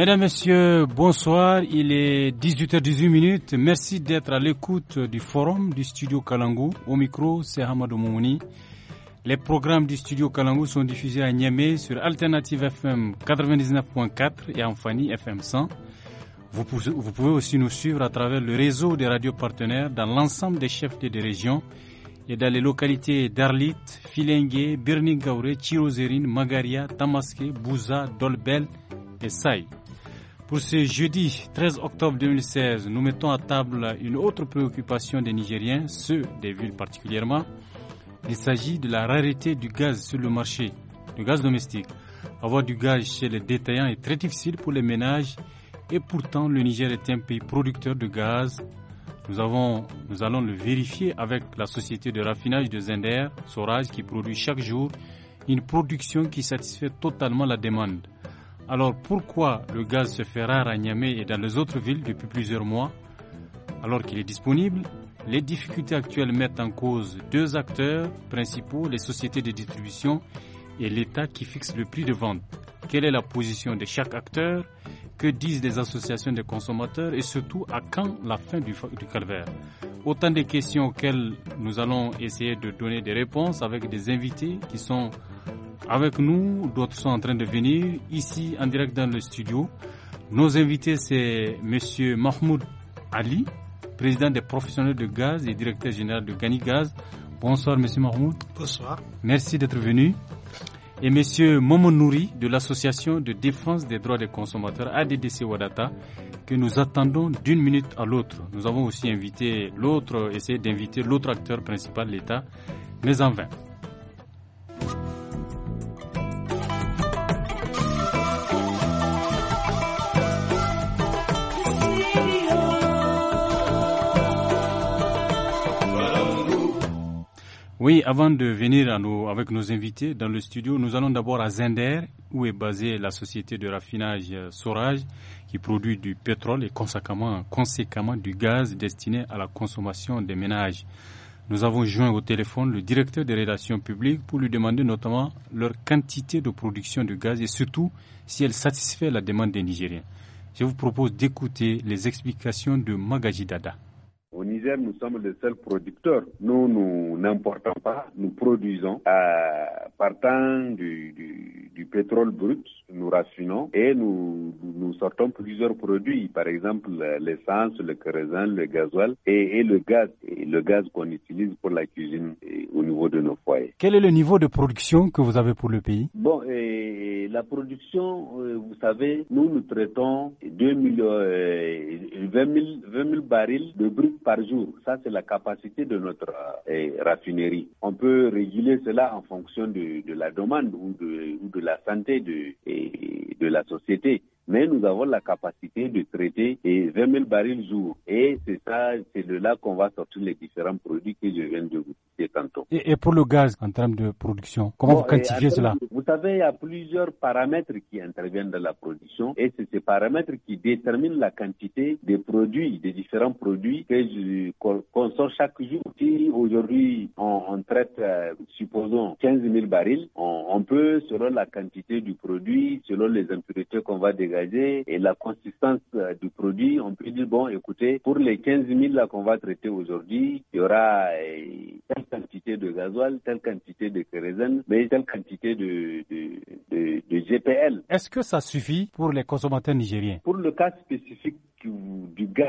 Mesdames, Messieurs, bonsoir. Il est 18h18. Merci d'être à l'écoute du forum du studio Kalangou. Au micro, c'est Hamadou Moumouni. Les programmes du studio Kalangou sont diffusés à Niamey sur Alternative FM 99.4 et en Fanny FM 100. Vous, pouvez aussi nous suivre à travers le réseau des radios partenaires dans l'ensemble des chefs des régions et dans les localités d'Arlit, Filengue, Birningaure, Chirozérine, Magaria, Tamaské, Bouza, Dolbel et Saï. Pour ce jeudi 13 octobre 2016, nous mettons à table une autre préoccupation des Nigériens, ceux des villes particulièrement. Il s'agit de la rareté du gaz sur le marché, du gaz domestique. Avoir du gaz chez les détaillants est très difficile pour les ménages et pourtant le Niger est un pays producteur de gaz. Nous, avons, nous allons le vérifier avec la société de raffinage de Zender, Sorage, qui produit chaque jour une production qui satisfait totalement la demande. Alors pourquoi le gaz se fait rare à Niamey et dans les autres villes depuis plusieurs mois alors qu'il est disponible Les difficultés actuelles mettent en cause deux acteurs principaux, les sociétés de distribution et l'État qui fixe le prix de vente. Quelle est la position de chaque acteur Que disent les associations de consommateurs Et surtout, à quand la fin du, du calvaire Autant de questions auxquelles nous allons essayer de donner des réponses avec des invités qui sont avec nous, d'autres sont en train de venir ici en direct dans le studio. Nos invités, c'est M. Mahmoud Ali, président des professionnels de gaz et directeur général de Gani Gaz. Bonsoir, Monsieur Mahmoud. Bonsoir. Merci d'être venu. Et Monsieur Momo Nouri de l'Association de défense des droits des consommateurs ADDC Wadata, que nous attendons d'une minute à l'autre. Nous avons aussi invité l'autre, essayé d'inviter l'autre acteur principal, l'État, mais en vain. Oui, avant de venir avec nos invités dans le studio, nous allons d'abord à Zender, où est basée la société de raffinage euh, Sorage, qui produit du pétrole et conséquemment, conséquemment du gaz destiné à la consommation des ménages. Nous avons joint au téléphone le directeur des relations publiques pour lui demander notamment leur quantité de production de gaz et surtout si elle satisfait la demande des Nigériens. Je vous propose d'écouter les explications de Magaji Dada. Au Niger, nous sommes les seuls producteurs. Nous, nous n'importons pas, nous produisons. Euh, partant du, du, du pétrole brut, nous raffinons et nous, nous sortons plusieurs produits, par exemple l'essence, le kérosène, le gasoil et, et, le gaz, et le gaz qu'on utilise pour la cuisine eh, au niveau de nos foyers. Quel est le niveau de production que vous avez pour le pays Bon, et eh, eh, la production, vous savez, nous nous traitons 2 20, 000, barils de brut par jour. Ça, c'est la capacité de notre raffinerie. On peut réguler cela en fonction de, de la demande ou de, ou de la santé de, de la société mais nous avons la capacité de traiter 20 000 barils jour. Et c'est ça, c'est de là qu'on va sortir les différents produits que je viens de vous citer tantôt. Et, pour le gaz, en termes de production, comment vous quantifiez cela Vous savez, il y a plusieurs paramètres qui interviennent dans la production et c'est ces paramètres qui déterminent la quantité des produits, des différents produits qu'on sort chaque jour. Si aujourd'hui on, traite, euh, supposons, 15 000 barils, on, peut, selon la quantité du produit, selon les impuretés qu'on va dégager, et la consistance euh, du produit, on peut dire, bon, écoutez, pour les 15 000 là qu'on va traiter aujourd'hui, il y aura euh, telle quantité de gasoil, telle quantité de kérosène, mais telle quantité de, GPL. Est-ce que ça suffit pour les consommateurs nigériens Pour le cas spécifique du gaz,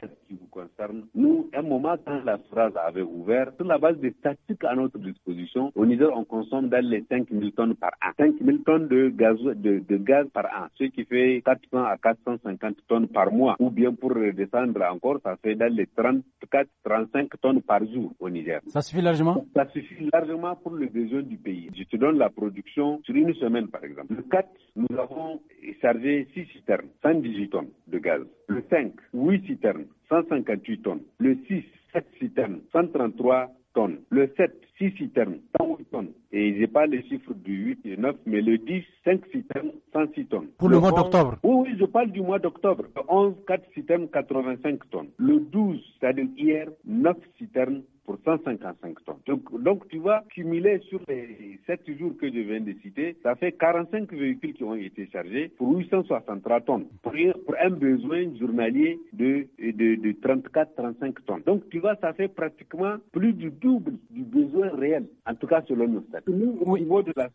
concerne, nous, un moment, quand la phrase avait ouvert, sur la base des statistiques à notre disposition, au Niger, on consomme dans les 5 000 tonnes par an. 5 000 tonnes de gaz, de, gaz par an, ce qui fait 400 à 450 tonnes par mois. Ou bien, pour redescendre encore, ça fait dans les 34, 35 tonnes par jour au Niger. Ça suffit largement Ça suffit largement pour le besoin du pays. Je te donne la production sur une semaine, par exemple. Le 4, nous avons chargé 6 citernes, 118 tonnes de gaz. Le 5, 8 citernes, 158 tonnes. Le 6, 7 citernes, 133 tonnes. Le 7, 6 citernes, 108 tonnes. Et je n'ai pas les chiffres du 8 et 9, mais le 10, 5 citernes, 106 tonnes. Pour le, mois d'octobre Oui, oui, je parle du mois d'octobre. Le 11, 4 citernes, 85 tonnes. Le 12, c'est-à-dire hier, 9 citernes, pour 155 tonnes. Donc, donc tu vois, cumuler sur les 7 jours que je viens de citer, ça fait 45 véhicules qui ont été chargés pour 863 tonnes, pour, un besoin journalier de, de, 34-35 tonnes. Donc tu vois, ça fait pratiquement plus du double du besoin réel, en tout cas selon nos statistiques. Nous, au niveau de la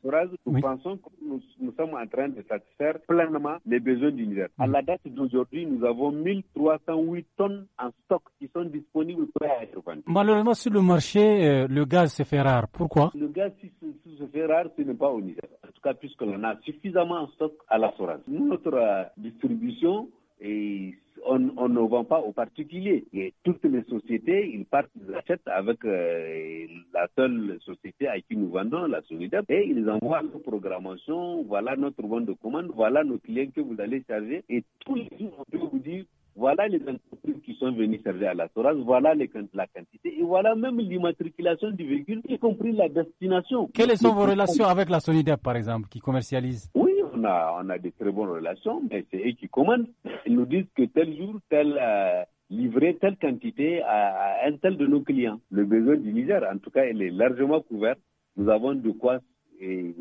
nous pensons que nous, sommes en train de satisfaire pleinement les besoins d'univers. À la date d'aujourd'hui, nous avons 1308 tonnes en stock qui sont disponibles pour être vendues. Malheureusement, sur le marché, euh, le gaz se fait rare. Pourquoi Le gaz, si, se fait rare, ce n'est pas au Niger. En tout cas, puisqu'on a suffisamment en stock à la source. Notre euh, distribution, et on, ne vend pas aux particuliers. Et toutes les sociétés, ils partent, ils achètent avec euh, la seule société à qui nous vendons, la Solidep, et ils envoient nos programmations, voilà notre vente de commande, voilà nos clients que vous allez charger. Et tous les jours, on peut vous dire voilà les entreprises qui sont venues servir à la Soraz, voilà les, la quantité et voilà même l'immatriculation du véhicule, y compris la destination. Quelles sont vos relations avec la Solidaire, par exemple, qui commercialise Oui, on a, on a des très bonnes relations, mais c'est eux qui commandent. Ils nous disent que tel jour, tel. Euh, livrer telle quantité à, un tel de nos clients. Le besoin du Niger, en tout cas, il est largement couvert. Nous avons de quoi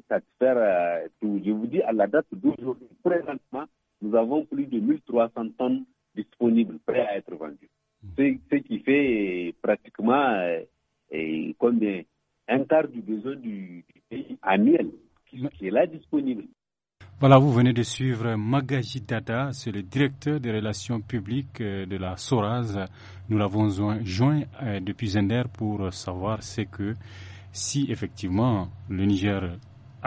satisfaire euh, tout. Je vous dis, à la date d'aujourd'hui, présentement, nous avons plus de 1300 tonnes disponible, prêt à être vendu. Mmh. Ce, ce qui fait euh, pratiquement euh, euh, combien un quart du besoin du, pays annuel mmh. qui, est là disponible. Voilà, vous venez de suivre Magaji Dada, c'est le directeur des relations publiques de la SORAS. Nous l'avons joint depuis Zender pour savoir ce que si effectivement le Niger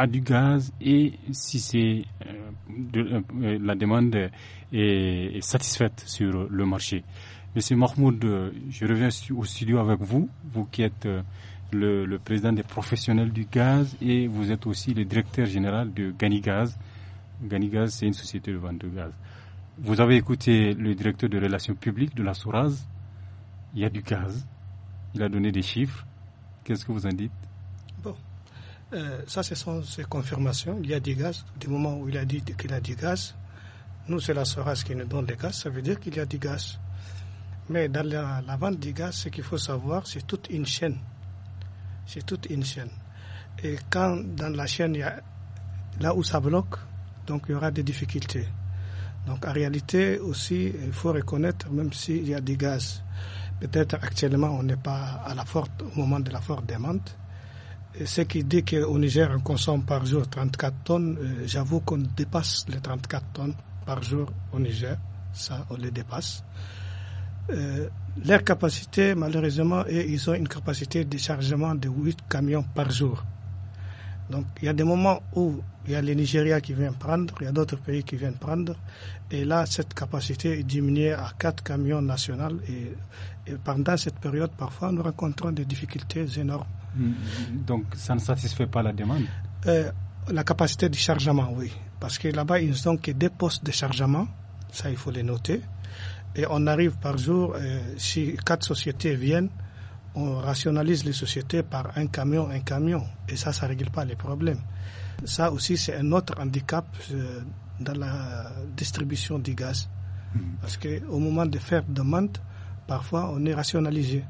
à du gaz et si c'est euh, euh, euh, la demande est, satisfaite sur le marché. Monsieur Mahmoud, je reviens au studio avec vous, vous qui êtes le, président des professionnels du gaz et vous êtes aussi le directeur général de Ganigaz. Gaz, c'est une société de vente de gaz. Vous avez écouté le directeur de relations publiques de la Souraz. Il y a du gaz. Il a donné des chiffres. Qu'est-ce que vous en dites euh, ça, ce sont ses confirmations. Il y a du gaz. Du moment où il a dit qu'il a du gaz, nous, c'est la SORAS qui nous donne des gaz. Ça veut dire qu'il y a du gaz. Mais dans la, vente du gaz, ce qu'il faut savoir, c'est toute une chaîne. C'est toute une chaîne. Et quand dans la chaîne, il y a, là où ça bloque, donc il y aura des difficultés. Donc en réalité aussi, il faut reconnaître, même s'il y a du gaz, peut-être actuellement on n'est pas à la forte, au moment de la forte demande, ce qui dit qu'au Niger, on consomme par jour 34 tonnes, euh, j'avoue qu'on dépasse les 34 tonnes par jour au Niger. Ça, on les dépasse. Euh, leur capacité, malheureusement, et ils ont une capacité de chargement de 8 camions par jour. Donc, il y a des moments où il y a les Nigeria qui viennent prendre, il y a d'autres pays qui viennent prendre. Et là, cette capacité est diminuée à 4 camions nationaux. et pendant cette période, parfois, nous rencontrons des difficultés énormes donc ça ne satisfait pas la demande euh, La capacité de chargement, oui. Parce que là-bas, ils ont que des postes de chargement. Ça, il faut les noter. Et on arrive par jour, euh, si quatre sociétés viennent, on rationalise les sociétés par un camion, un camion. Et ça, ça ne règle pas les problèmes. Ça aussi, c'est un autre handicap euh, dans la distribution du gaz. Hmm. Parce qu'au moment de faire demande, parfois on est rationalisé.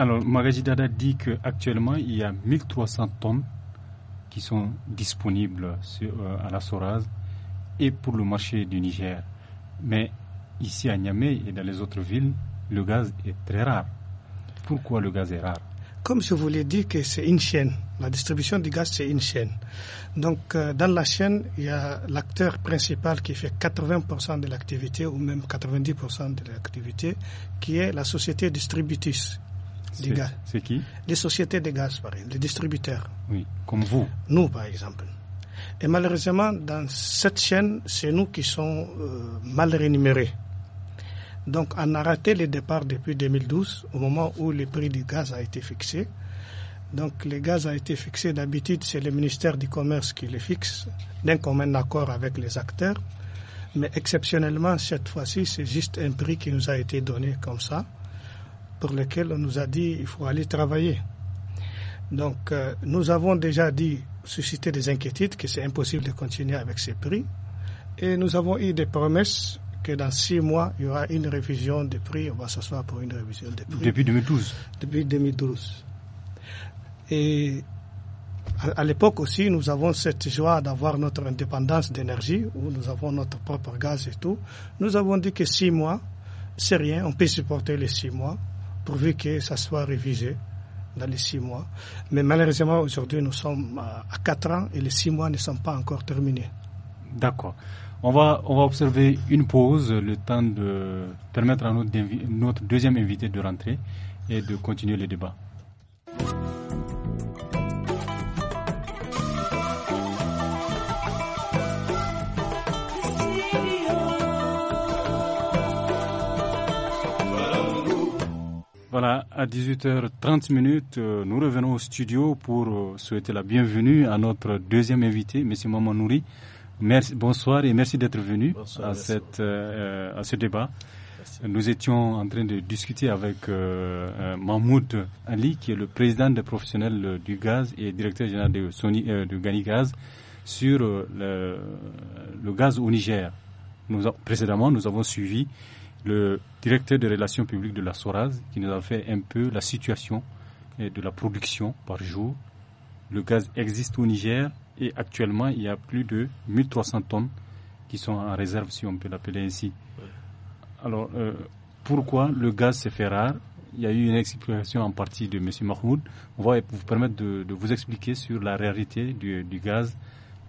Alors, Magaji Dada dit qu'actuellement, il y a 1300 tonnes qui sont disponibles euh, à la Soraz et pour le marché du Niger. Mais ici à Niamey et dans les autres villes, le gaz est très rare. Pourquoi le gaz est rare Comme je vous l'ai dit, que c'est une chaîne. La distribution du gaz, c'est une chaîne. Donc, euh, dans la chaîne, il y a l'acteur principal qui fait 80% de l'activité ou même 90% de l'activité, qui est la société distributrice c'est qui Les sociétés de gaz, par exemple, les distributeurs. Oui, comme vous. Nous, par exemple. Et malheureusement, dans cette chaîne, c'est nous qui sommes euh, mal rémunérés. Donc, on a raté les départs depuis 2012, au moment où le prix du gaz a été fixé. Donc, le gaz a été fixé d'habitude, c'est le ministère du Commerce qui le fixe, d'un commun accord avec les acteurs. Mais exceptionnellement, cette fois-ci, c'est juste un prix qui nous a été donné comme ça pour lesquels on nous a dit il faut aller travailler. Donc euh, nous avons déjà dit, suscité des inquiétudes, que c'est impossible de continuer avec ces prix. Et nous avons eu des promesses que dans six mois, il y aura une révision des prix. On va s'asseoir pour une révision des prix. Depuis 2012 Depuis 2012. Et à l'époque aussi, nous avons cette joie d'avoir notre indépendance d'énergie, où nous avons notre propre gaz et tout. Nous avons dit que six mois, c'est rien, on peut supporter les six mois pourvu que ça soit révisé dans les six mois. Mais malheureusement, aujourd'hui, nous sommes à quatre ans et les six mois ne sont pas encore terminés. D'accord. On va, on va observer une pause, le temps de permettre à notre, notre deuxième invité de rentrer et de continuer le débat. Voilà, à 18h30, euh, nous revenons au studio pour euh, souhaiter la bienvenue à notre deuxième invité, M. Maman Nouri. Merci, bonsoir et merci d'être venu à, cette, euh, à ce débat. Nous étions en train de discuter avec Mahmoud Ali, qui est le président des professionnels du gaz et directeur général de, Sony, de Gaz, sur le, gaz au Niger. Nous, précédemment, nous avons suivi le directeur des relations publiques de la Soraz, qui nous a fait un peu la situation de la production par jour. Le gaz existe au Niger et actuellement il y a plus de 1300 tonnes qui sont en réserve, si on peut l'appeler ainsi. Alors, euh, pourquoi le gaz s'est fait rare Il y a eu une explication en partie de M. Mahmoud. On va vous permettre de, vous expliquer sur la réalité du, gaz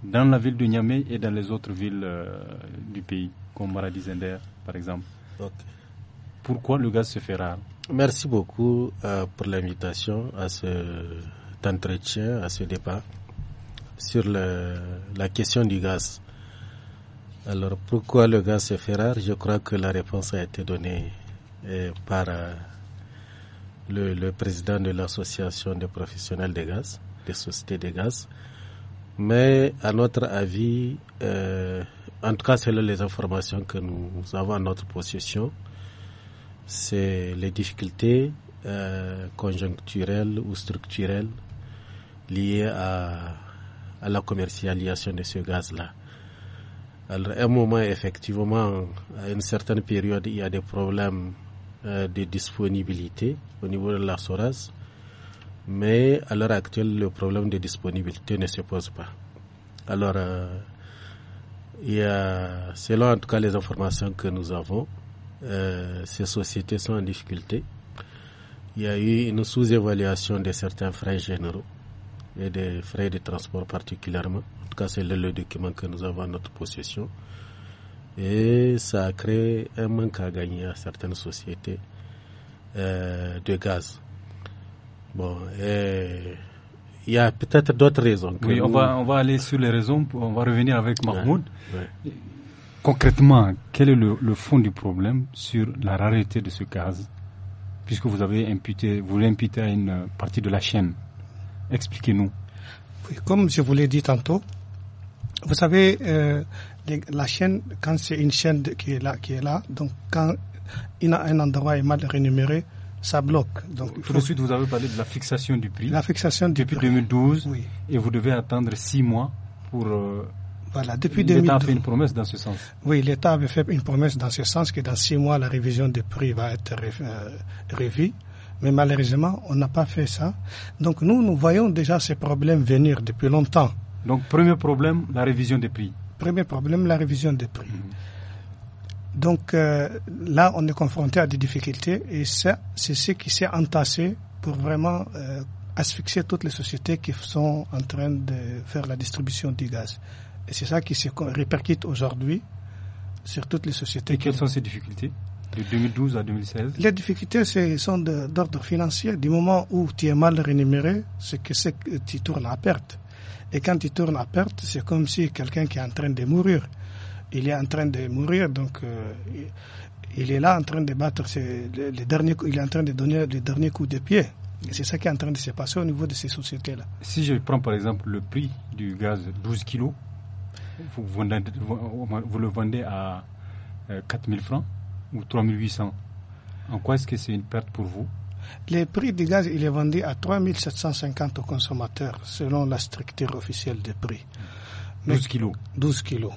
dans la ville de Niamey et dans les autres villes euh, du pays, comme Maradi par exemple. Pourquoi le gaz se fait rare Merci beaucoup euh, pour l'invitation à cet entretien, à ce débat sur la question du gaz. Alors pourquoi le gaz se fait rare Je crois que la réponse a été donnée euh, par euh, le, président de l'association des professionnels de gaz, des sociétés de gaz. Mais à notre avis, euh, en tout cas selon les informations que nous avons à notre possession, c'est les difficultés euh, conjoncturelles ou structurelles liées à, la commercialisation de ce gaz-là. Alors, à un moment, effectivement, à une certaine période, il y a des problèmes euh, de disponibilité au niveau de la SORAS. Mais à l'heure actuelle, le problème de disponibilité ne se pose pas. Alors, euh, il y a, selon en tout cas les informations que nous avons, euh, ces sociétés sont en difficulté. Il y a eu une sous-évaluation de certains frais généraux et des frais de transport particulièrement. En tout cas, c'est le, document que nous avons en notre possession. Et ça a créé un manque à gagner à certaines sociétés euh, de gaz. Bon, il y a peut-être d'autres raisons. oui, on, va, on va aller sur les raisons, on va revenir avec Mahmoud. Concrètement, quel est le, fond du problème sur la rareté de ce gaz Puisque vous avez imputé, vous l'imputez à une partie de la chaîne. Expliquez-nous. Oui, comme je vous l'ai dit tantôt, vous savez, euh, la chaîne, quand c'est une chaîne qui est là, qui est là, donc quand il y a un endroit mal rémunéré, ça bloque. Donc, Tout de suite, vous avez parlé de la fixation du prix. La fixation du depuis 2012, et vous devez attendre six mois pour. Euh, voilà, depuis L'État a fait une promesse dans ce sens. Oui, l'État avait fait une promesse dans ce sens que dans six mois, la révision des prix va être euh, revue, Mais malheureusement, on n'a pas fait ça. Donc nous, nous voyons déjà ces problèmes venir depuis longtemps. Donc premier problème, la révision des prix. Premier problème, la révision des prix. Mhm. Donc euh, là, on est confronté à des difficultés et ça, c'est ce qui s'est entassé pour vraiment euh, asphyxier toutes les sociétés qui sont en train de faire la distribution du gaz. Et c'est ça qui se répercute aujourd'hui sur toutes les sociétés. Et quelles sont ces difficultés de 2012 à 2016 Les difficultés sont d'ordre financier. Du moment où tu es mal rémunéré, c'est que, que tu tournes à perte. Et quand tu tournes à perte, c'est comme si quelqu'un qui est en train de mourir il est en train de mourir, donc euh, il est là en train de battre les, derniers, il est en train de donner le dernier coup de pied. c'est ça qui est en train de se passer au niveau de ces sociétés-là. Si je prends par exemple le prix du gaz 12 kilos, vous, le vendez à 4000 euh, francs ou 3800. En quoi est-ce que c'est une perte pour vous le prix du gaz, il est vendu à 3750 aux consommateurs, selon la structure officielle des prix. 12 kilos. 12 kilos.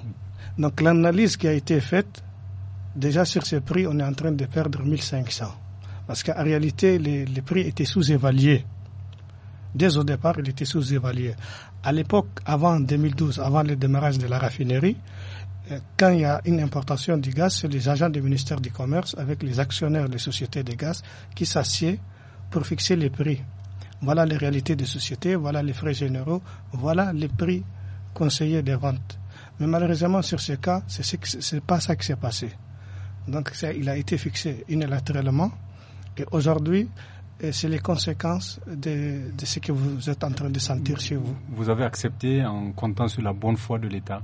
Donc l'analyse qui a été faite, déjà sur ce prix, on est en train de perdre 1500. Parce qu'en réalité, les, prix étaient sous-évalués. Dès au départ, ils était sous-évalués. À l'époque, avant 2012, avant le démarrage de la raffinerie, euh, quand il y a une importation du gaz, c'est les agents du ministère du Commerce avec les actionnaires des sociétés de gaz qui s'assiedent pour fixer les prix. Voilà les réalités des sociétés, voilà les frais généraux, voilà les prix conseillés des ventes. Mais malheureusement, sur ce cas, ce n'est pas ça qui s'est passé. Donc, ça, il a été fixé unilatéralement. Et aujourd'hui, euh, c'est les conséquences de, ce que vous êtes en train de sentir chez vous. Vous avez accepté en comptant sur la bonne foi de l'État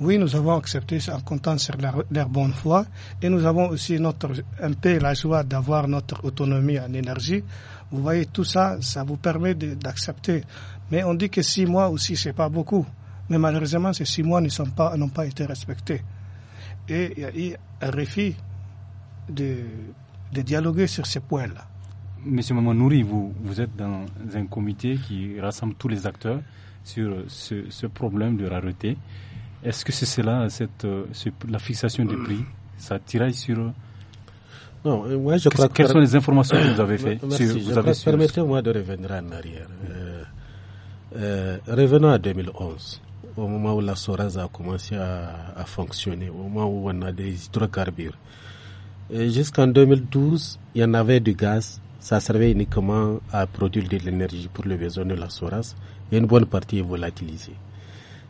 Oui, nous avons accepté en comptant sur leur, bonne foi. Et nous avons aussi notre, un peu la joie d'avoir notre autonomie en énergie. Vous voyez, tout ça, ça vous permet d'accepter. Mais on dit que six mois aussi, c'est pas beaucoup. Mais malheureusement, ces six mois n'ont pas, été respectés. Et il y a eu un refus de, dialoguer sur ces points-là. Monsieur Mamanouri, vous, vous êtes dans un comité qui rassemble tous les acteurs sur ce, problème de rareté. Est-ce que c'est cela, cette, la fixation des prix Ça tiraille sur. Euh, non, euh, je que, Quelles sont les informations que vous avez faites Permettez-moi de revenir en arrière. Euh, revenons à 2011 au moment où la SORAS a commencé à, fonctionner, au moment où on a des hydrocarbures. Jusqu'en 2012, il y en avait du gaz. Ça servait uniquement à produire de l'énergie pour le besoin de la SORAS et une bonne partie est volatilisée.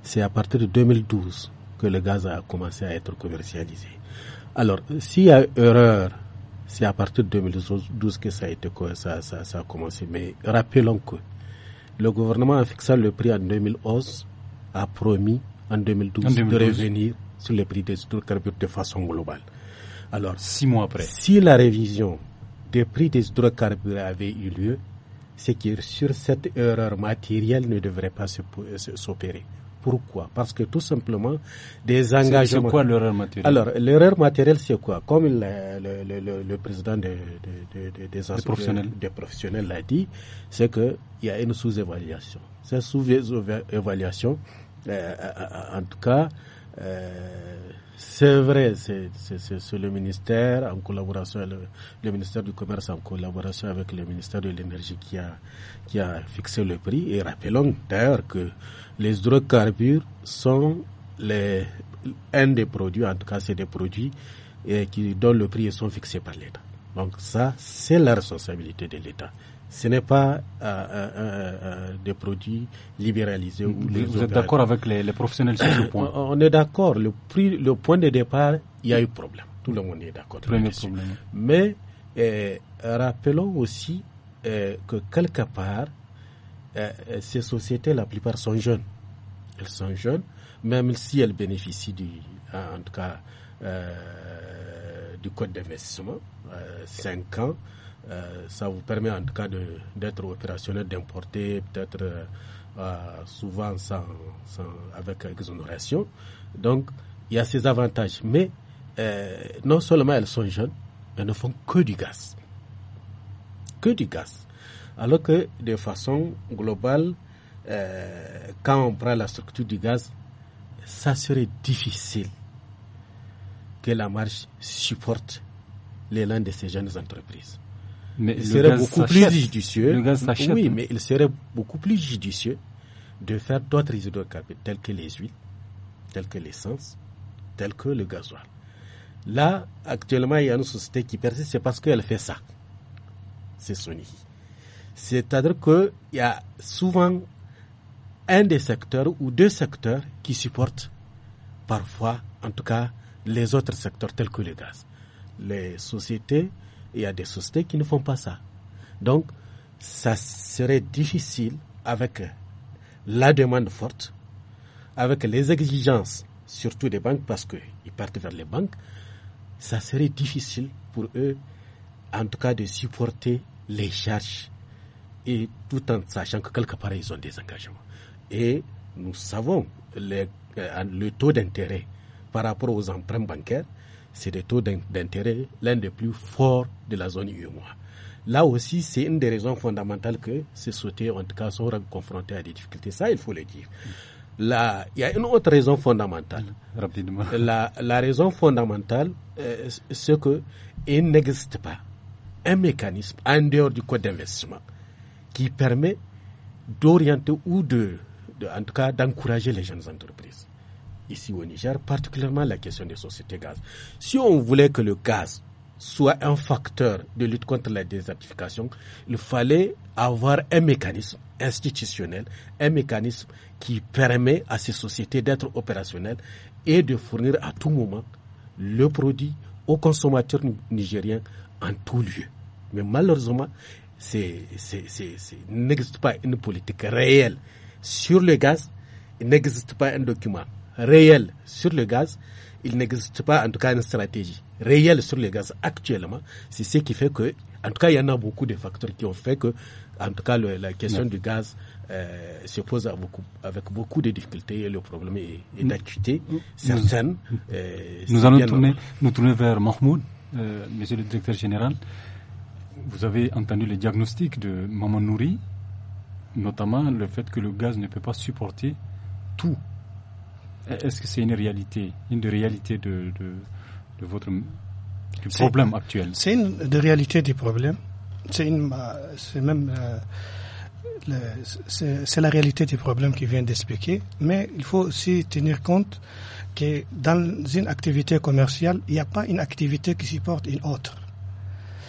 C'est à partir de 2012 que le gaz a commencé à être commercialisé. Alors, s'il y a erreur, c'est à partir de 2012 que ça a, été, ça a commencé. Mais rappelons que le gouvernement a fixé le prix en 2011 a promis en 2012, de revenir sur les prix des hydrocarbures de façon globale. Alors, six mois après, si la révision des prix des hydrocarbures avait eu lieu, c'est que sur cette erreur matérielle ne devrait pas s'opérer. Pourquoi Parce que tout simplement, des engagements. C'est quoi l'erreur matérielle Alors, l'erreur matérielle, c'est quoi Comme le, le, président des des, professionnels. des professionnels l'a dit, c'est qu'il y a une sous-évaluation. Cette sous-évaluation, euh, euh, en tout cas, euh, c'est vrai, c'est le ministère en collaboration le, ministère du Commerce en collaboration avec le ministère de l'Énergie qui a, qui a fixé le prix. Et rappelons d'ailleurs que les hydrocarbures sont les, un des produits, en tout cas c'est des produits et qui dont le prix et sont fixés par l'État. Donc ça, c'est la responsabilité de l'État. Ce n'est pas euh, euh, euh, des produits libéralisés. Ou les Vous êtes d'accord avec les, professionnels sur ce point On est d'accord. Le, prix, le point de départ, il y a eu problème. Tout le monde est d'accord. Mais rappelons aussi que quelque part, ces sociétés, la plupart sont jeunes. Elles sont jeunes, même si elles bénéficient du, en tout cas, du code d'investissement. 5 euh, ans. Euh, ça vous permet en tout cas d'être opérationnel, d'importer peut-être euh, souvent sans, avec exonération. Donc, il y a ces avantages. Mais non seulement elles sont jeunes, elles ne font que du gaz. Que du gaz. Alors que de façon globale, quand on prend la structure du gaz, ça serait difficile que la marge supporte l'élan de ces jeunes entreprises. Mais il serait beaucoup plus judicieux. oui, hein. mais il serait beaucoup plus judicieux de faire d'autres hydrocarbures tels que les huiles, tels que l'essence, tels que le gasoil. Là, actuellement, il y a une société qui persiste, c'est parce qu'elle fait ça. C'est Sony. C'est-à-dire qu'il y a souvent un des secteurs ou deux secteurs qui supportent parfois, en tout cas, les autres secteurs tels que le gaz les sociétés, il y a des sociétés qui ne font pas ça. Donc, ça serait difficile avec la demande forte, avec les exigences, surtout des banques, parce qu'ils partent vers les banques, ça serait difficile pour eux, en tout cas, de supporter les charges, et tout en sachant que quelque part, ils ont des engagements. Et nous savons euh, le taux d'intérêt par rapport aux emprunts bancaires, c'est des taux d'intérêt l'un des plus forts de la zone UEMOA. Là aussi, c'est une des raisons fondamentales que ces sociétés, en tout cas, sont confrontés à des difficultés. Ça, il faut le dire. Là, il y a une autre raison fondamentale. Rapidement. La, raison fondamentale, euh, c'est qu'il n'existe pas un mécanisme en dehors du code d'investissement qui permet d'orienter ou de, en tout cas, d'encourager les jeunes entreprises ici au Niger, particulièrement la question des sociétés gaz. Si on voulait que le gaz soit un facteur de lutte contre la désertification, il fallait avoir un mécanisme institutionnel, un mécanisme qui permet à ces sociétés d'être opérationnelles et de fournir à tout moment le produit aux consommateurs nigériens en tout lieu. Mais malheureusement, il n'existe pas une politique réelle sur le gaz, il n'existe pas un document réel sur le gaz, il n'existe pas en tout cas une stratégie réelle sur le gaz actuellement. C'est ce qui fait que, en tout cas, il y en a beaucoup de facteurs qui ont fait que, en tout cas, la question du gaz euh, se pose beaucoup, avec beaucoup de difficultés et le problème est, d'acuité certaine. Euh, nous, allons nous tourner vers Mahmoud, euh, monsieur le directeur général. Vous avez entendu le diagnostic de Maman Nouri, notamment le fait que le gaz ne peut pas supporter tout euh, est-ce que c'est une réalité, une réalité de, de, votre problème actuel C'est une réalité du problème. C'est euh, même euh, c'est la réalité du problème qui vient d'expliquer, mais il faut aussi tenir compte que dans une activité commerciale, il n'y a pas une activité qui supporte une autre.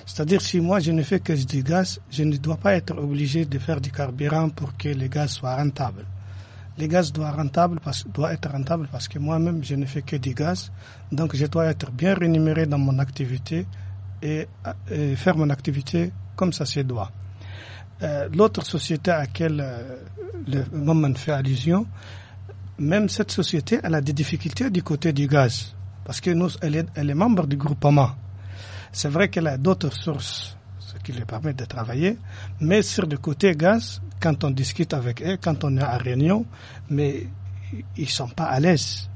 C'est-à-dire, si moi je ne fais que du gaz, je ne dois pas être obligé de faire du carburant pour que le gaz soit rentable. Le gaz doit, rentable parce, doit être rentable parce que moi-même, je ne fais que du gaz. Donc, je dois être bien rémunéré dans mon activité et, faire mon activité comme ça se doit. Euh, L'autre société à laquelle euh, le moment fait allusion, même cette société, elle a des difficultés du côté du gaz parce que nous, elle est, elle est membre du groupement. C'est vrai qu'elle a d'autres sources, ce qui lui permet de travailler, mais sur le côté gaz, quand on discute avec eux, quand on est à réunion, mais ils ne sont pas à l'aise.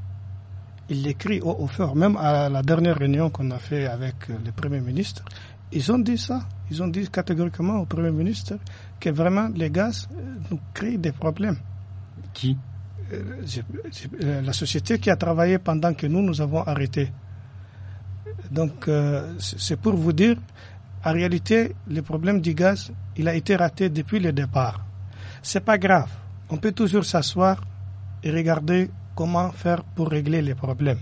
Ils l'écrivent au, au fur, même à la dernière réunion qu'on a fait avec euh, le Premier ministre, ils ont dit ça. Ils ont dit catégoriquement au Premier ministre que vraiment les gaz euh, nous créent des problèmes. Qui euh, La société qui a travaillé pendant que nous, nous avons arrêté. Donc, c'est pour vous dire, en réalité, le problème du gaz, il a été raté depuis le départ. C'est pas grave. On peut toujours s'asseoir et regarder comment faire pour régler les problèmes.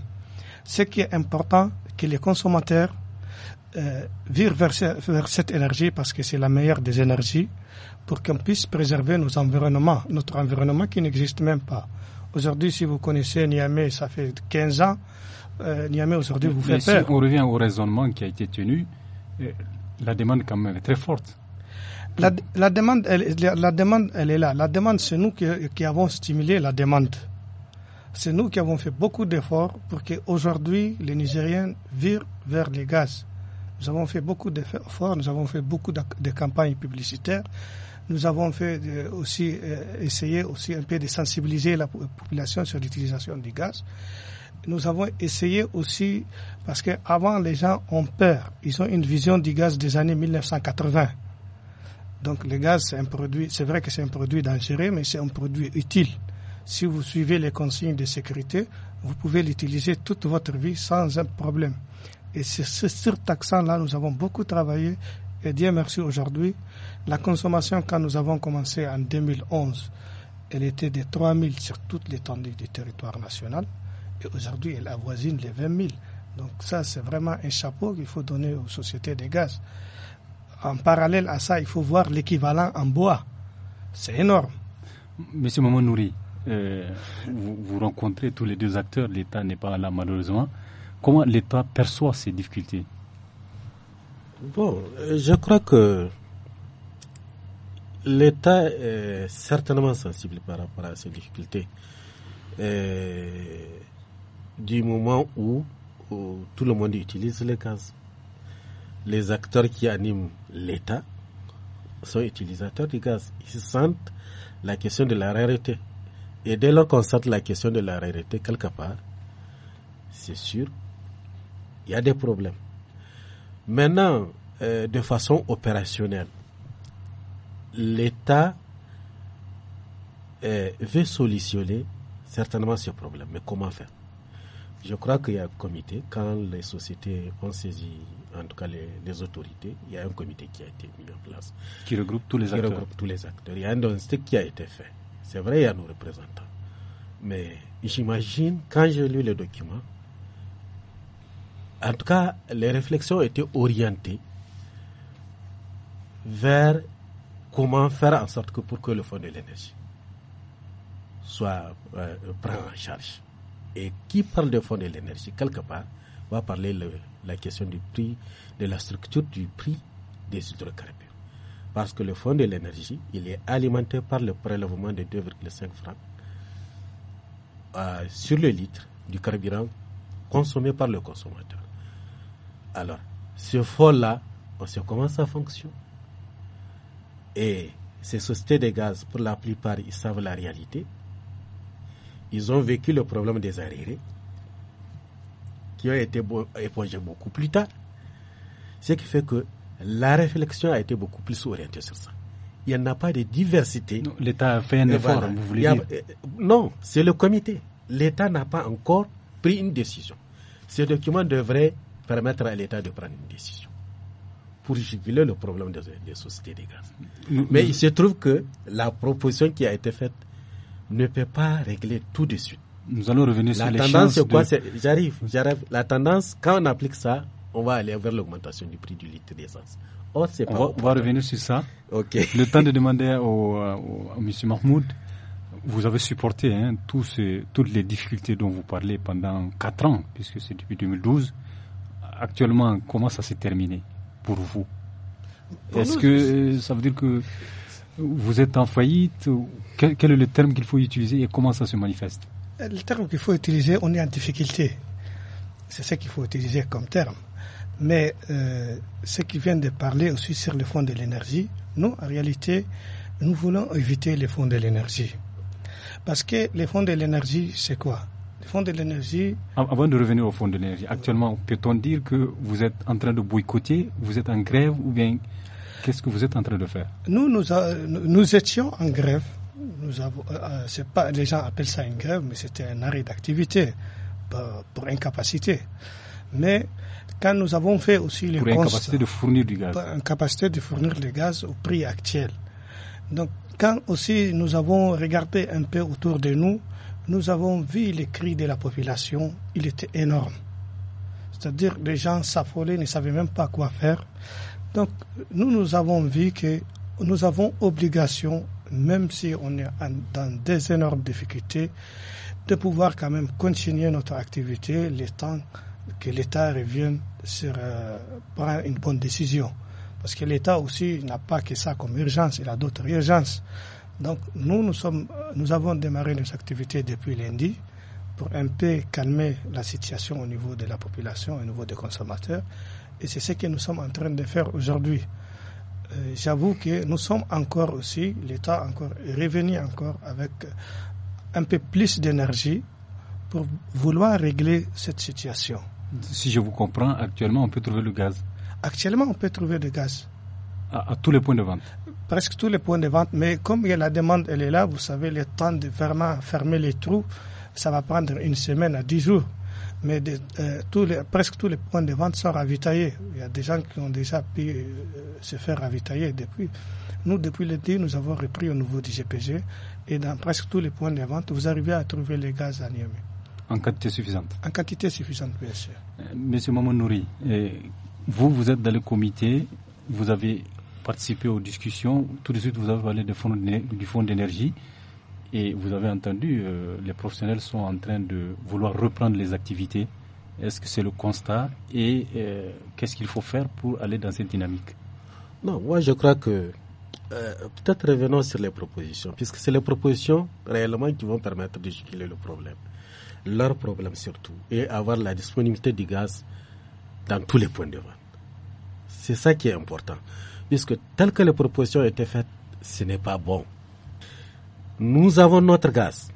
Ce qui est important, c'est que les consommateurs euh, virent vers, cette énergie parce que c'est la meilleure des énergies pour qu'on puisse préserver nos environnements, notre environnement qui n'existe même pas. Aujourd'hui, si vous connaissez Niamey, ça fait 15 ans. Euh, Niamey aujourd'hui vous faites peur. Si on revient au raisonnement qui a été tenu, euh, la demande quand même est très forte la, demande, elle, la, demande, elle est là. La demande, c'est nous qui, avons stimulé la demande. C'est nous qui avons fait beaucoup d'efforts pour qu'aujourd'hui, les Nigériens virent vers le gaz. Nous avons fait beaucoup d'efforts, nous avons fait beaucoup de, campagnes publicitaires. Nous avons fait euh, aussi euh, essayer aussi un peu de sensibiliser la population sur l'utilisation du gaz. Nous avons essayé aussi parce qu'avant les gens ont peur, ils ont une vision du gaz des années 1980. Donc le gaz, c'est un produit, c'est vrai que c'est un produit dangereux, mais c'est un produit utile. Si vous suivez les consignes de sécurité, vous pouvez l'utiliser toute votre vie sans un problème. Et sur sur accent là nous avons beaucoup travaillé. Et Dieu merci aujourd'hui, la consommation, quand nous avons commencé en 2011, elle était de 3 000 sur toute l'étendue du territoire national. Et aujourd'hui, elle avoisine les 20 000. Donc ça, c'est vraiment un chapeau qu'il faut donner aux sociétés de gaz en parallèle à ça, il faut voir l'équivalent en bois. C'est énorme. Monsieur Maman Nouri, euh, vous, rencontrez tous les deux acteurs, l'État n'est pas là malheureusement. Comment l'État perçoit ces difficultés Bon, euh, je crois que l'État est certainement sensible par rapport à ces difficultés. Euh, du moment où, tout le monde utilise les gaz, les acteurs qui animent l'État sont utilisateur du gaz. Ils sentent la question de la rareté. Et dès lors qu'on sente la question de la rareté quelque part, c'est sûr, il y a des problèmes. Maintenant, euh, de façon opérationnelle, l'État euh, veut solutionner certainement ce problème. Mais comment faire Je crois qu'il y a un comité, quand les sociétés ont saisi en tout cas les, autorités, il y a un comité qui a été mis en place. Qui regroupe tous les qui regroupe tous les acteurs. Il y a un diagnostic qui a été fait. C'est vrai, il y a nos représentants. Mais j'imagine, quand j'ai lu le document, en tout cas, les réflexions étaient orientées vers comment faire en sorte que pour que le fonds de l'énergie soit euh, pris en charge. Et qui parle de fonds de l'énergie, quelque part, va parler le la question du prix, de la structure du prix des hydrocarbures. Parce que le fonds de l'énergie, il est alimenté par le prélèvement de 2,5 francs euh, sur le litre du carburant consommé par le consommateur. Alors, ce fonds-là, on sait comment ça fonctionne. Et ces sociétés de gaz, pour la plupart, ils savent la réalité. Ils ont vécu le problème des arriérés qui ont été épongés beaucoup plus tard. Ce qui fait que la réflexion a été beaucoup plus orientée sur ça. Il n'y en a pas de diversité. L'État a fait un effort, vous voulez dire euh, Non, c'est le comité. L'État n'a pas encore pris une décision. Ce document devrait permettre à l'État de prendre une décision pour juguler le problème des, sociétés des gaz. Mais il se trouve que la proposition qui a été faite ne peut pas régler tout de suite. Nous allons revenir sur les tendance, J'arrive, j'arrive. La tendance, quand on applique ça, on va aller vers l'augmentation du prix du litre d'essence. on va, revenir sur ça. Le temps de demander euh, au, monsieur Mahmoud, vous avez supporté hein, toutes les difficultés dont vous parlez pendant 4 ans, puisque c'est depuis 2012. Actuellement, comment ça s'est terminé pour vous Est-ce que euh, ça veut dire que vous êtes en faillite Quel est le terme qu'il faut utiliser et comment ça se manifeste le terme qu'il faut utiliser, on est en difficulté. C'est ce qu'il faut utiliser comme terme. Mais ceux ce qui viennent de parler aussi sur le fonds de l'énergie, nous, en réalité, nous voulons éviter les fonds de l'énergie. Parce que les fonds de l'énergie, c'est quoi Le fonds de l'énergie... Avant de revenir au fonds de l'énergie, actuellement, peut-on dire que vous êtes en train de boycotter, vous êtes en grève ou bien qu'est-ce que vous êtes en train de faire nous, nous euh, étions en grève nous avons, euh, euh, pas, les gens appellent ça une grève, mais c'était un arrêt d'activité pour, incapacité. Mais quand nous avons fait aussi les pour incapacité de fournir du gaz, incapacité de fournir le gaz au prix actuel. Donc quand aussi nous avons regardé un peu autour de nous, nous avons vu les cris de la population, il était énorme. C'est-à-dire les gens s'affolaient, ne savaient même pas quoi faire. Donc nous, nous avons vu que nous avons obligation même si on est dans des énormes difficultés, de pouvoir quand même continuer notre activité le temps que l'État revienne sur euh, une bonne décision. Parce que l'État aussi n'a pas que ça comme urgence, il a d'autres urgences. Donc nous, nous, sommes, nous avons démarré nos activités depuis lundi pour un peu calmer la situation au niveau de la population, au niveau des consommateurs. Et c'est ce que nous sommes en train de faire aujourd'hui. Euh, j'avoue que nous sommes encore aussi, l'État encore revenu encore avec un peu plus d'énergie pour vouloir régler cette situation. Si je vous comprends, actuellement on peut trouver du gaz. Actuellement on peut trouver du gaz. À, tous les points de vente Presque tous les points de vente, mais comme la demande elle est là, vous savez, le temps de fermer les trous, ça va prendre une semaine à dix jours mais euh, presque tous les points de vente sont ravitaillés. Il y a des gens qui ont déjà pu euh, se faire ravitailler depuis. Nous, depuis l'été, nous avons repris au niveau du GPG et dans presque tous les points de vente, vous arrivez à trouver les gaz à Niamey. En quantité suffisante En quantité suffisante, bien sûr. Euh, Monsieur Nouri, vous, vous êtes dans le comité, vous avez participé aux discussions, tout de suite vous avez parlé du fonds d'énergie. Et vous avez entendu, euh, les professionnels sont en train de vouloir reprendre les activités. Est-ce que c'est le constat Et euh, qu'est-ce qu'il faut faire pour aller dans cette dynamique Non, moi je crois que euh, peut-être revenons sur les propositions, puisque c'est les propositions réellement qui vont permettre de juguler le problème, leur problème surtout, et avoir la disponibilité du gaz dans tous les points de vente. C'est ça qui est important, puisque tel que les propositions étaient faites, ce n'est pas bon nous avons notre gaz.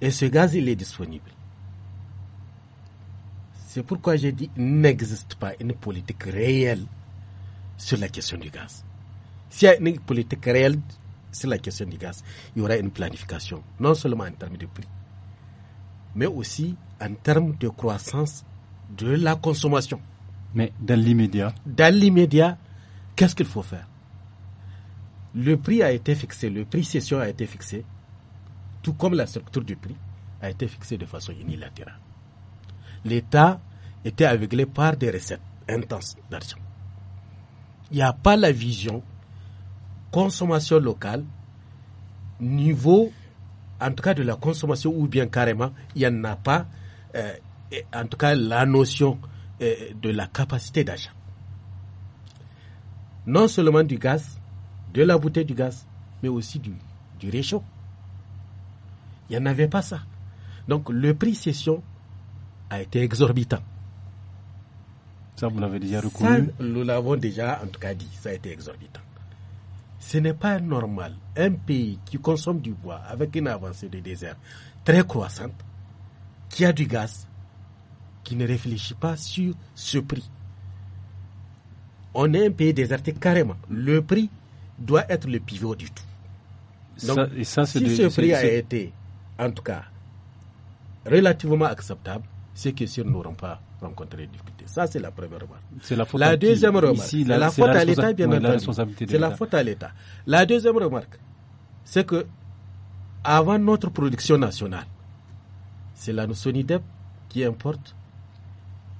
Et ce gaz, il est disponible. C'est pourquoi j'ai dit il n'existe pas une politique réelle sur la question du gaz. S'il y a une politique réelle sur la question du gaz, il y aura une planification, non seulement en termes de prix, mais aussi en termes de croissance de la consommation. Mais dans l'immédiat Dans l'immédiat, qu'est-ce qu'il faut faire le prix a été fixé, le prix cession a été fixé, tout comme la structure du prix a été fixée de façon unilatérale. L'État était aveuglé par des recettes intenses d'argent. Il n'y a pas la vision consommation locale, niveau en tout cas de la consommation ou bien carrément, il n'y en a pas, euh, en tout cas la notion euh, de la capacité d'achat. Non seulement du gaz, de la bouteille du gaz, mais aussi du, du réchaud. Il n'y en avait pas ça. Donc le prix cession a été exorbitant. Ça, vous l'avez déjà reconnu ça, Nous l'avons déjà, en tout cas, dit. Ça a été exorbitant. Ce n'est pas normal. Un pays qui consomme du bois avec une avancée de désert très croissante, qui a du gaz, qui ne réfléchit pas sur ce prix. On est un pays déserté carrément. Le prix doit être le pivot du tout. Donc, si ce prix a été, en tout cas, relativement acceptable, c'est que n'auront nous n'aurons pas rencontré difficultés. Ça, c'est la première remarque. La, deuxième remarque, c'est la, faute à l'État, bien C'est la faute à l'État. La deuxième remarque, c'est que avant notre production nationale, c'est la Sonidep qui importe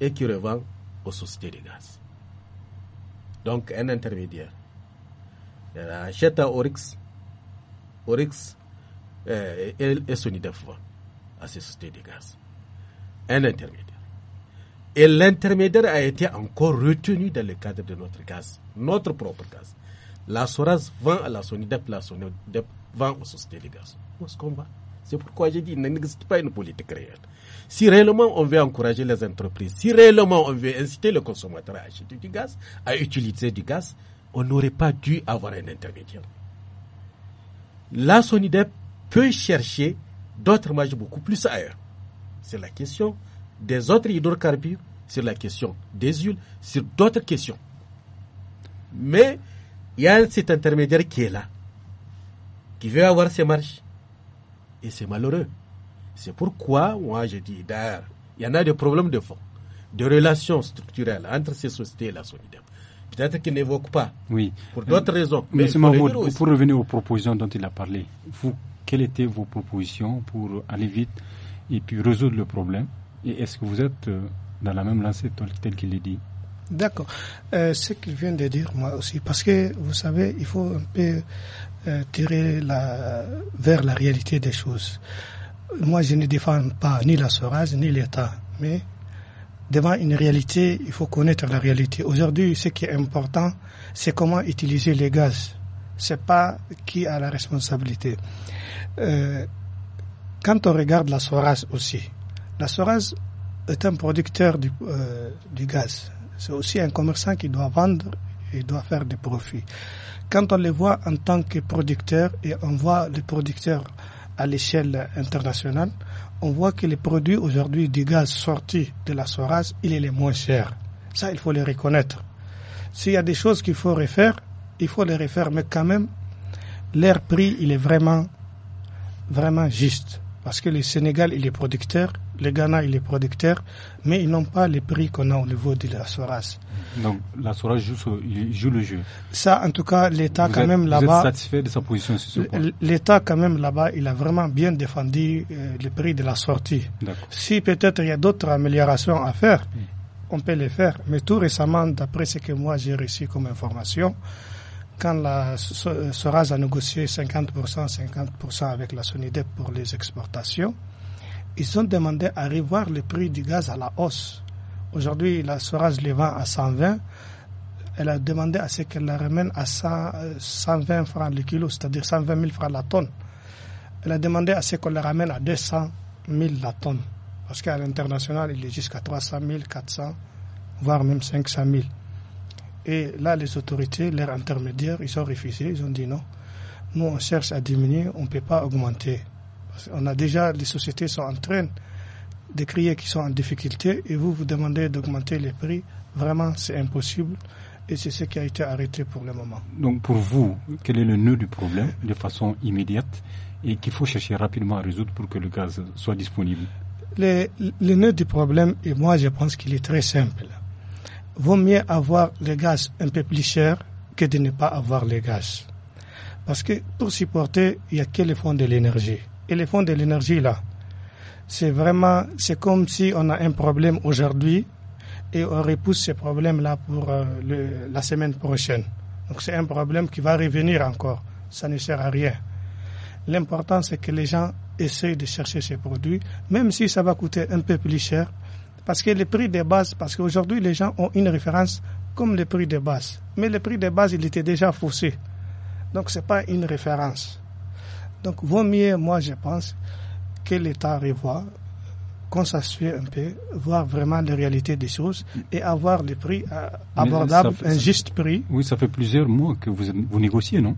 et qui revend aux sociétés de gaz. Donc, un intermédiaire achète à Oryx, Oryx et, eh, Sonidef à ces sociétés de gaz. Un intermédiaire. Et l'intermédiaire a été encore retenu dans le cadre de notre gaz, notre propre gaz. La Soraz vend à la Sonidep, la Sonidep vend aux sociétés de gaz. Où est-ce qu'on va C'est pourquoi j'ai dit il n'existe pas une politique réelle. Si réellement on veut encourager les entreprises, si réellement on veut inciter le consommateur à acheter du gaz, à utiliser du gaz, on n'aurait pas dû avoir un intermédiaire. La sonide peut chercher d'autres marges beaucoup plus ailleurs. C'est la question des autres hydrocarbures, sur la question des huiles, sur d'autres questions. Mais il y a cet intermédiaire qui est là, qui veut avoir ses marches. Et c'est malheureux. C'est pourquoi, moi je dis d'ailleurs, il y en a des problèmes de fond, de relations structurelles entre ces sociétés et la sonide peut-être qu'il n'évoque pas. Oui. Pour d'autres euh, raisons. Mais pour, pour revenir aux propositions dont il a parlé, vous, quelles étaient vos propositions pour aller vite et puis résoudre le problème Et est-ce que vous êtes euh, dans la même lancée telle qu'il est dit D'accord. Euh, ce qu'il vient de dire, moi aussi, parce que vous savez, il faut un peu tirer la, vers la réalité des choses. Moi, je ne défends pas ni la l'assurance ni l'État, mais devant une réalité, il faut connaître la réalité. Aujourd'hui, ce qui est important, c'est comment utiliser les gaz. C'est pas qui a la responsabilité. Euh, quand on regarde la Soraz aussi, la Soraz est un producteur du, euh, du gaz. C'est aussi un commerçant qui doit vendre et doit faire des profits. Quand on les voit en tant que producteur et on voit les producteurs à l'échelle internationale, on voit que les produits aujourd'hui du gaz sorti de la SORAS, il est le moins cher. Ça, il faut le reconnaître. S'il y a des choses qu'il faut refaire, il faut les refaire, mais quand même, leur prix, il est vraiment, vraiment juste. Parce que le Sénégal, il est producteur, le Ghana, il est producteur, mais ils n'ont pas les prix qu'on a au niveau de la SORAS. Donc, la SORAS joue, le jeu. Ça, en tout cas, l'État quand même là-bas. Vous êtes satisfait de sa position sur ce point L'État quand même là-bas, il a vraiment bien défendu euh, les le prix de la sortie. Si peut-être il y a d'autres améliorations à faire, on peut les faire. Mais tout récemment, d'après ce que moi j'ai reçu comme information, quand la SORAS a négocié 50%, 50% avec la SONIDEP pour les exportations, ils ont demandé à revoir le prix du gaz à la hausse. Aujourd'hui, la Sorage les vend à 120. Elle a demandé à ce qu'elle la ramène à 120 euh, francs le kilo, c'est-à-dire 120 000 francs la tonne. Elle a demandé à ce qu'on la ramène à 200 000 la tonne. Parce qu'à l'international, il est jusqu'à 300 000, 400, voire même 500 000. Et là, les autorités, leurs intermédiaires, ils ont refusé. Ils ont dit non. Nous, on cherche à diminuer, on ne peut pas augmenter. On a déjà, les sociétés sont en train de crier qu'ils sont en difficulté et vous vous demandez d'augmenter les prix. Vraiment, c'est impossible et c'est ce qui a été arrêté pour le moment. Donc pour vous, quel est le nœud du problème de façon immédiate et qu'il faut chercher rapidement à résoudre pour que le gaz soit disponible le, nœud du problème, et moi je pense qu'il est très simple. Vaut mieux avoir le gaz un peu plus cher que de ne pas avoir le gaz. Parce que pour supporter, il n'y a que le fonds de l'énergie et les fonds de l'énergie là. C'est vraiment, c'est comme si on a un problème aujourd'hui et on repousse ce problème là pour euh, la semaine prochaine. Donc c'est un problème qui va revenir encore. Ça ne sert à rien. L'important c'est que les gens essayent de chercher ces produits, même si ça va coûter un peu plus cher, parce que le prix de base, parce qu'aujourd'hui les gens ont une référence comme le prix des bases. mais le prix des bases, il était déjà faussé. Donc c'est pas une référence. Donc, vaut mieux, moi, je pense, que l'État revoie, qu'on s'assure un peu, voir vraiment la réalité des choses et avoir des prix euh, euh, abordables, un juste prix. Oui, ça fait plusieurs mois que vous, vous négociez, non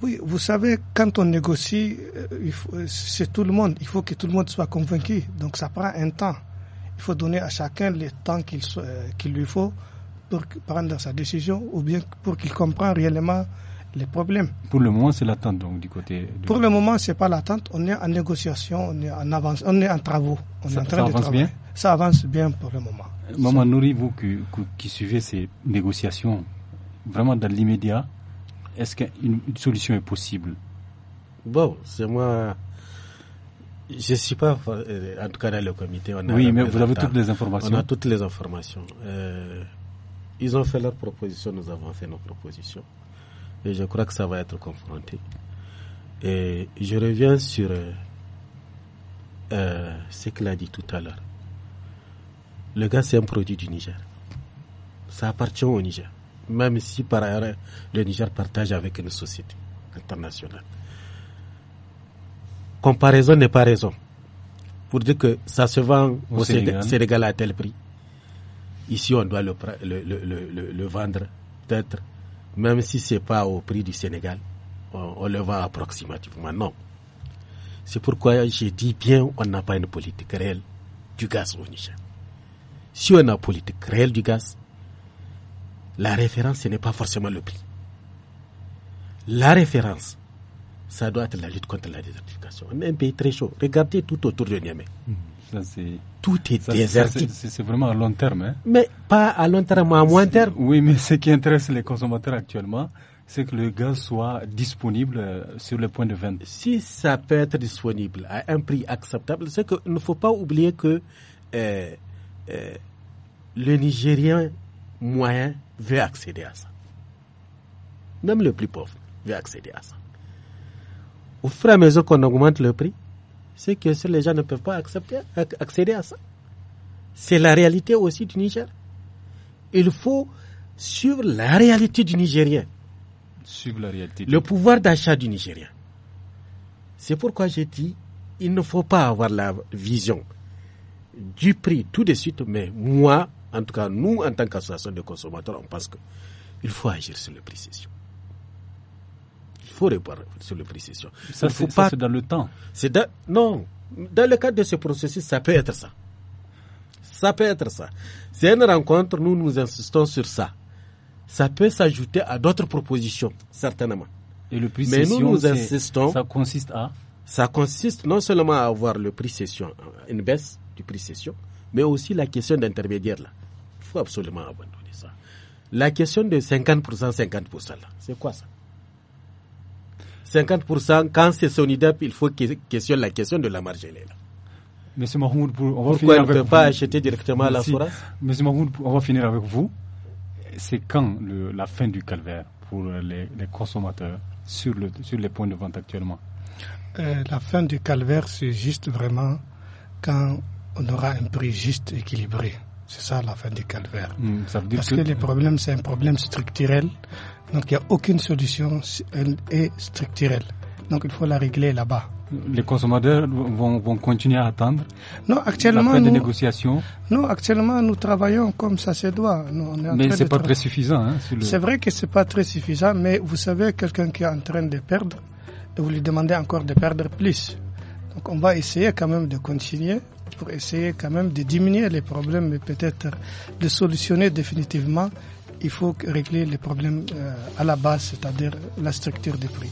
oui, vous savez, quand on négocie, euh, c'est tout le monde. Il faut que tout le monde soit convaincu. Donc ça prend un temps. Il faut donner à chacun le temps qu'il lui faut pour prendre sa décision ou bien pour qu'il comprenne réellement problèmes. Pour le moment, c'est l'attente donc du côté. Pour le moment, c'est pas l'attente. On est en négociation, on est en avance, on est en travaux. ça, avance bien. Ça avance bien pour le moment. Maman ça... vous qui, suivez ces négociations, vraiment dans l'immédiat, est-ce qu'une solution est possible Bon, c'est moi. Je ne suis pas, euh, en tout cas dans le comité. On a oui, mais vous avez toutes les informations. On a toutes les informations. Euh, ils ont fait leur proposition, nous avons fait nos propositions. Et je crois que ça va être confronté. Et je reviens sur euh, euh, ce qu'il a dit tout à l'heure. Le gaz, c'est un produit du Niger. Ça appartient au Niger. Même si par ailleurs, le Niger partage avec une société internationale. Comparaison n'est pas raison. Pour dire que ça se vend au, Sénégal. à tel prix. Ici, on doit le, le, le vendre peut-être même si ce n'est pas au prix du Sénégal, on, le voit approximativement. Non. C'est pourquoi j'ai dit bien, on n'a pas une politique réelle du gaz au Niger. Si on a une politique réelle du gaz, la référence, ce n'est pas forcément le prix. La référence, ça doit être la lutte contre la désertification. On est un pays très chaud. Regardez tout autour de Niamey. Mhm. Tout est ça, C'est vraiment à long terme. Hein. Mais pas à long terme, à moins terme. Oui, mais ce qui intéresse les consommateurs actuellement, c'est que le gaz soit disponible euh, sur le point de vente. Si ça peut être disponible à un prix acceptable, c'est qu'il ne faut pas oublier que euh, euh, le Nigérien moyen veut accéder à ça. Même le plus pauvre veut accéder à ça. Au fur et à mesure qu'on augmente le prix, c'est que les gens ne peuvent pas accepter, accéder à ça. C'est la réalité aussi du Niger. Il faut suivre la réalité du Nigérien. Suivre la réalité. Le pouvoir d'achat du Nigérien. C'est pourquoi j'ai dit, il ne faut pas avoir la vision du prix tout de suite, mais moi, en tout cas, nous, en tant qu'association de consommateurs, on pense qu'il faut agir sur le prix, c'est faut revoir sur les précisions. Ça, c'est pas... dans le temps. C'est Non, dans le cadre de ce processus, ça peut être ça. Ça peut être ça. C'est une rencontre, nous nous insistons sur ça. Ça peut s'ajouter à d'autres propositions, certainement. Et le prix nous, nous insistons. Ça consiste à Ça consiste non seulement à avoir le prix session, une baisse du prix session, mais aussi la question d'intermédiaire là. Il faut absolument abandonner ça. La question de 50%, 50%, là, c'est quoi ça 50%, quand c'est son IDAP, il faut questionne la question de la marginelle. Monsieur Mahmoud, on va Pourquoi on ne peut pas acheter directement à la source. Monsieur Mahmoud, on va finir avec vous. C'est quand la fin du calvaire pour les, consommateurs sur, les points de vente actuellement euh, La fin du calvaire, c'est juste vraiment quand on aura un prix juste équilibré. C'est ça la fin du calvaire. Hmm, Parce que, le problème, c'est un problème structurel. Donc il n'y a aucune solution, elle euh, est structurelle. Donc il faut la régler là-bas. Les consommateurs vont, vont, continuer à attendre non, actuellement, la fin des négociations Non, actuellement nous travaillons comme ça se doit. mais c'est pas très suffisant. Hein, c'est vrai que ce n'est pas très suffisant, mais vous savez, quelqu'un qui est en train de perdre, vous lui demandez encore de perdre plus. Donc on va essayer quand même de continuer pour essayer quand même de diminuer les problèmes et peut-être de solutionner définitivement, il faut régler les problèmes euh, à la base, c'est-à-dire la structure des prix.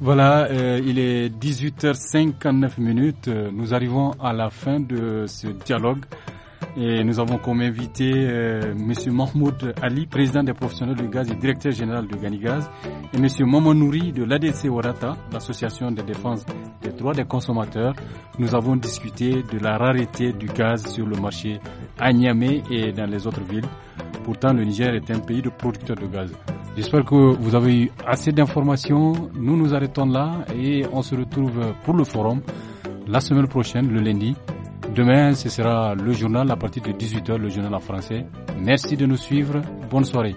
Voilà, euh, il est 18h59 minutes. Nous arrivons à la fin de ce dialogue et nous avons comme invité Monsieur M. Mahmoud Ali, président des professionnels du gaz et directeur général de Ganigaz, et M. Momo Nouri de l'ADC Orata, l'association de défense des droits des consommateurs. Nous avons discuté de la rareté du gaz sur le marché à Niamey et dans les autres villes. Pourtant, le Niger est un pays de producteurs de gaz. J'espère que vous avez eu assez d'informations. Nous nous arrêtons là et on se retrouve pour le forum la semaine prochaine, le lundi. Demain, ce sera le journal à partir de 18h, le journal en français. Merci de nous suivre. Bonne soirée.